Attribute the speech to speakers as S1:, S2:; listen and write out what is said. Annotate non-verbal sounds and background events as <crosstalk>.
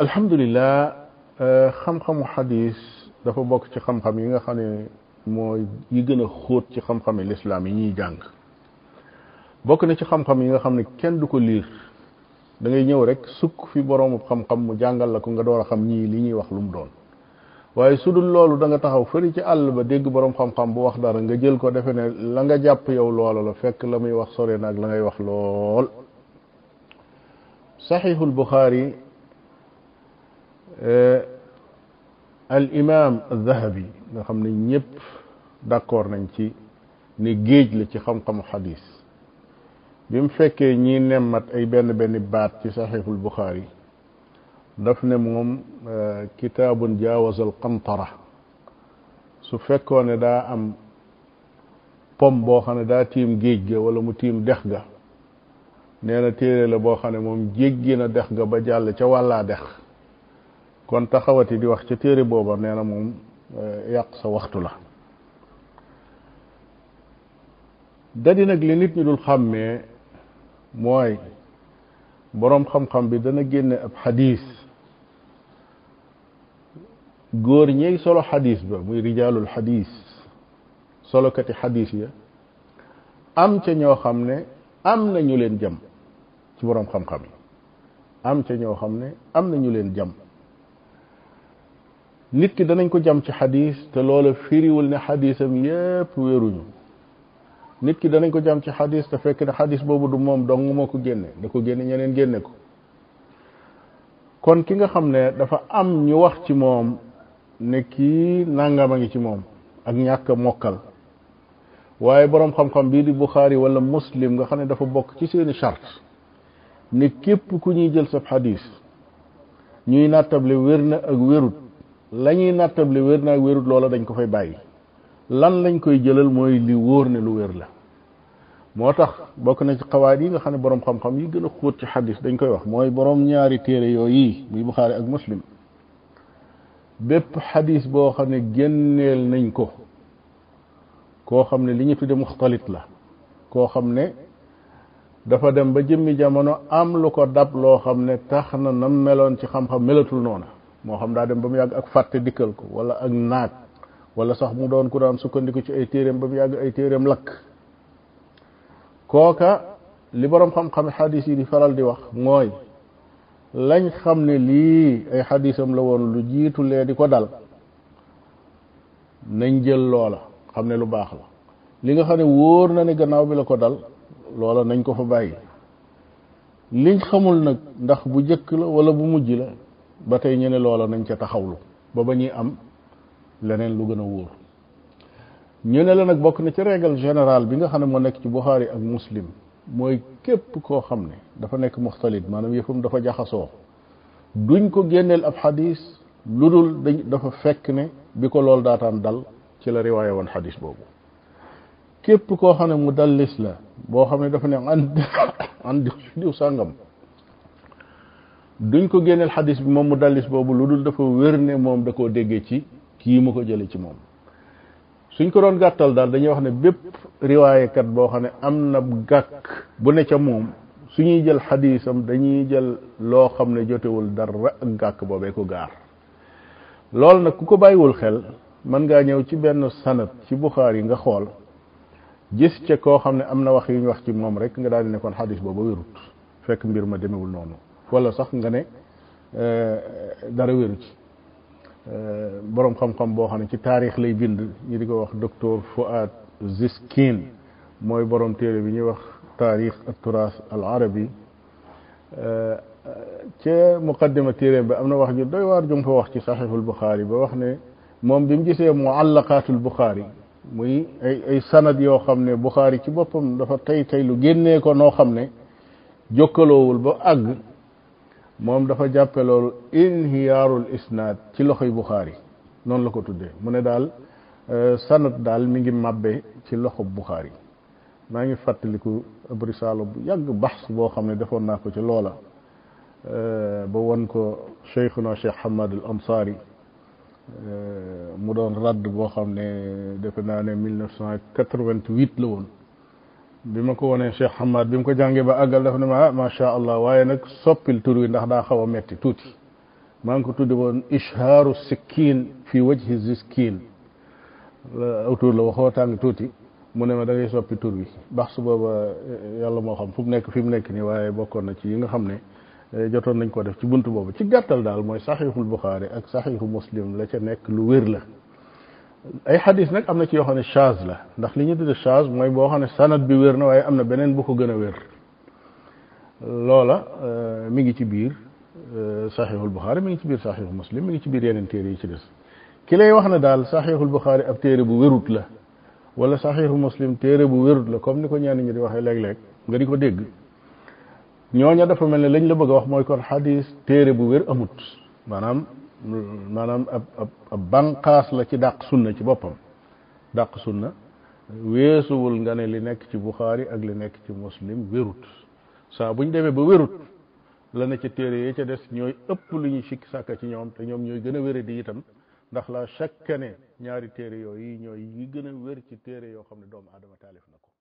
S1: الحمد لله خم خم حديث bokk ci xam خم خم nga xam ne mooy yi gën a خم خم xam-xami lislaam yi ñuy jàng bokk na ci xam-xam yi nga xam da ngay ñëw rek sukk fi boroomu xam-xam mu jàngal la ko nga door xam ñii li ñuy wax lu mu doon waaye su loolu da nga taxaw fëri ci àll ba dégg borom xam-xam bu wax dara nga jël ko defe ne la nga jàpp yow loola la fekk la muy wax sore nak la ngay wax lool sahihul bukhari Euh, al imam az-Zahabi nga xam ne ñëpp d'accord nañ ci ni géej la ci xam-xamu xadis bi mu fekkee ñi nemmat ay benn benn baat ci saxiixul Buxaari daf ne moom euh, kitaabun jaawazal qantara su fekkoo ne daa am pom boo xam ne daa tiim géej ga wala mu tiim dex ga nee na téere la boo xam ne moom jéggi na dex ga ba jàll ca wàllaa dex kon taxawati di wax ca téere booba nee na moom eh, yàq sa waxtu la dadi nag li nit ñu dul xàmmee mooy boroom xam-xam bi dana génne ab xadiis góor ñey solo xadiis ba muy rijaalul xadiis solokati xadiis ya am ca ñoo xam ne am na ñu leen jëm ci boroom xam-xam yi am ca ñoo xam ne am na ñu leen jam nit ki danañ ko jam ci xadis te loola firiwul ne xadisam yépp wéeruñu nit ki danañ ko jam ci xadiis te fekk ne xadis boobu du moom dong moo ko génne da ko génne ñeneen génne ko kon ki nga xam ne dafa am ñu wax ci moom ne kii nangam a ngi ci moom ak ñàkk mokkal waaye boroom xam-xam bii di Buxaari wala muslim nga xam ne dafa bokk ci seeni charte ne képp ku ñuy jël sab xadis ñuy nattable wér na ak wérut la ñuy nattable wér naag wérut loola dañ ko fay bàyyi lan lañ koy jëlal mooy li wóor ne lu wér la moo tax bokk nañ ci xawaat yi nga xam ne boroom xam-xam yi gën a xóot ci xadis dañ koy wax mooy borom ñaari téere yi bu buxaari ak muslim bépp xadis boo xam ne génneel nañ ko koo xam ne li ñu tudde muxtalit la koo xam ne dafa dem ba jëmmi jamono am lu ko dab loo xam ne tax na nam meloon ci xam-xam melatul noona moo xam daa dem ba mu yàgg ak fàtte dikkal ko wala ak naag wala sax mu doon ku daan sukkandiku ci ay téeréem ba mu yàgg ay téeréem lakk kooka li boroom xam-xam xadis yi di faral di wax mooy lañ xam ne lii ay xadiisam la woon lu jiitu lee di ko dal nañ jël loola xam ne lu baax la li nga xam ne wóor na ne gannaaw bi la ko dal loola nañ ko fa bàyyi liñ xamul nag ndax bu jëkk la wala bu mujj la ba tey ñu ne loola nañ ca taxawlu ba ba ñuy am leneen lu gën a wóor ñu ne la nag bokk na ci règle générale bi nga xam ne moo nekk ci Buxaari ak Muslim mooy képp koo xam ne dafa nekk muxtalit maanaam yëfam dafa jaxasoo duñ ko génneel ab xadis lu dul dañ dafa fekk ne bi ko loolu daataan dal ci la riwaaye woon xadis boobu képp koo xam ne mu dallis la boo xam ne dafa ne an <coughs> an sàngam duñ ko génneel xadis bi moom mu dallis boobu lu dul dafa wér ne moom da koo déggee ci kii mu ko jële ci moom suñ ko doon gàttal daal dañuy wax ne bépp riwaayekat boo xam ne am na gàkk bu ne ca moom suñuy jël xadiisam dañuy jël loo xam ne jotewul dara ak gàkk boobee ko gaar loolu nag ku ko bàyyiwul xel mën ngaa ñëw ci benn sanat ci buxaar yi nga xool gis ca koo xam ne am na wax yu ñu wax ci moom rek nga daal di nekkoon xadis booba wérut fekk mbir ma demewul noonu wala sax nga ne euh, dara wéru ci euh, boroom xam-xam boo xam ne ci taarix lay bind ñu di ko wax docteur Fuad Ziskin mooy boroom téere bi ñuy wax taarix at-turaas al-arabi euh, ca muqaddima téere bi am na wax ju doy waar jum fa wax ci saxiixul Buxaari ba wax ne moom bi mu gisee muallaqaatul Buxaari muy ay ay sanad yoo xam ne Buxaari ci boppam dafa tey tey lu génnee ko noo xam ne jokkaloowul ba àgg moom dafa jàppe loolu inhiyaarul isnaad ci loxoy Buxaari noonu la ko tuddee mu ne daal euh, sanat daal mi ngi màbbe ci loxo Buxaari maa ngi fàttaliku ab risaala bu yàgg baxs boo xam ne defoon naa ko ci loola euh, ba won ko cheikhuna cheikh Hamad al Ansaari euh, mu doon radd boo xam ne defe naa ne mille neuf cent la woon bi ma ko wonee Cheikh Hamad bi mu ko jàngee ba àggal dafa ne ma ah macha allah waaye nag soppil tur wi ndax daa xaw a metti tuuti maa ngi ko tudde woon ishaaru sikkiin fi wajhi ziskiin aw tur la waxoo tàng tuuti mu ne ma da soppi tur wi baax su booba eh, yàlla moo xam fu mu nekk fi mu nekk nii waaye bokkoon na ci yi nga xam ne eh, jotoon nañ ko def ci bunt boobu ci gàttal daal mooy saxiixul Buxaari ak saxiixu Muslim la ca nekk lu wér la ay xadis nag am na ci yoo xam ne chaz la ndax li ñu tudde chaz mooy boo xam ne sanad bi wér na waaye am na beneen bu ko gën a wér loola euh, euh, mi ngi ci biir saxiixul buxaari mu ngi ci biir saxiixu muslim mi ngi ci biir yeneen téere yi ci des ki lay wax ne daal saxiixul buxaari ab téere bu wérut la wala saxiixu muslim téere bu wérut la comme ni ko ñenn ñu di waxee léeg-léeg nga di ko dégg ñooña dafa mel ne lañ la bëgg a wax mooy kon xadis téere bu wér amut maanaam maanaam ab ab bànqaas la ci dàq sunna ci boppam dàq sunna weesuwul nga ne li nekk ci buxaari ak li nekk ci muslim wérut saa bu ñu demee ba wérut la ne ca téere yi ca des ñooy ëpp lu ñu sikki sàkka ci ñoom te ñoom ñooy gën a wére di itam ndax la chaque année ñaari téere yooyu ñooy yi gën a wér ci téere yoo xam ne doomu aadama taalif na ko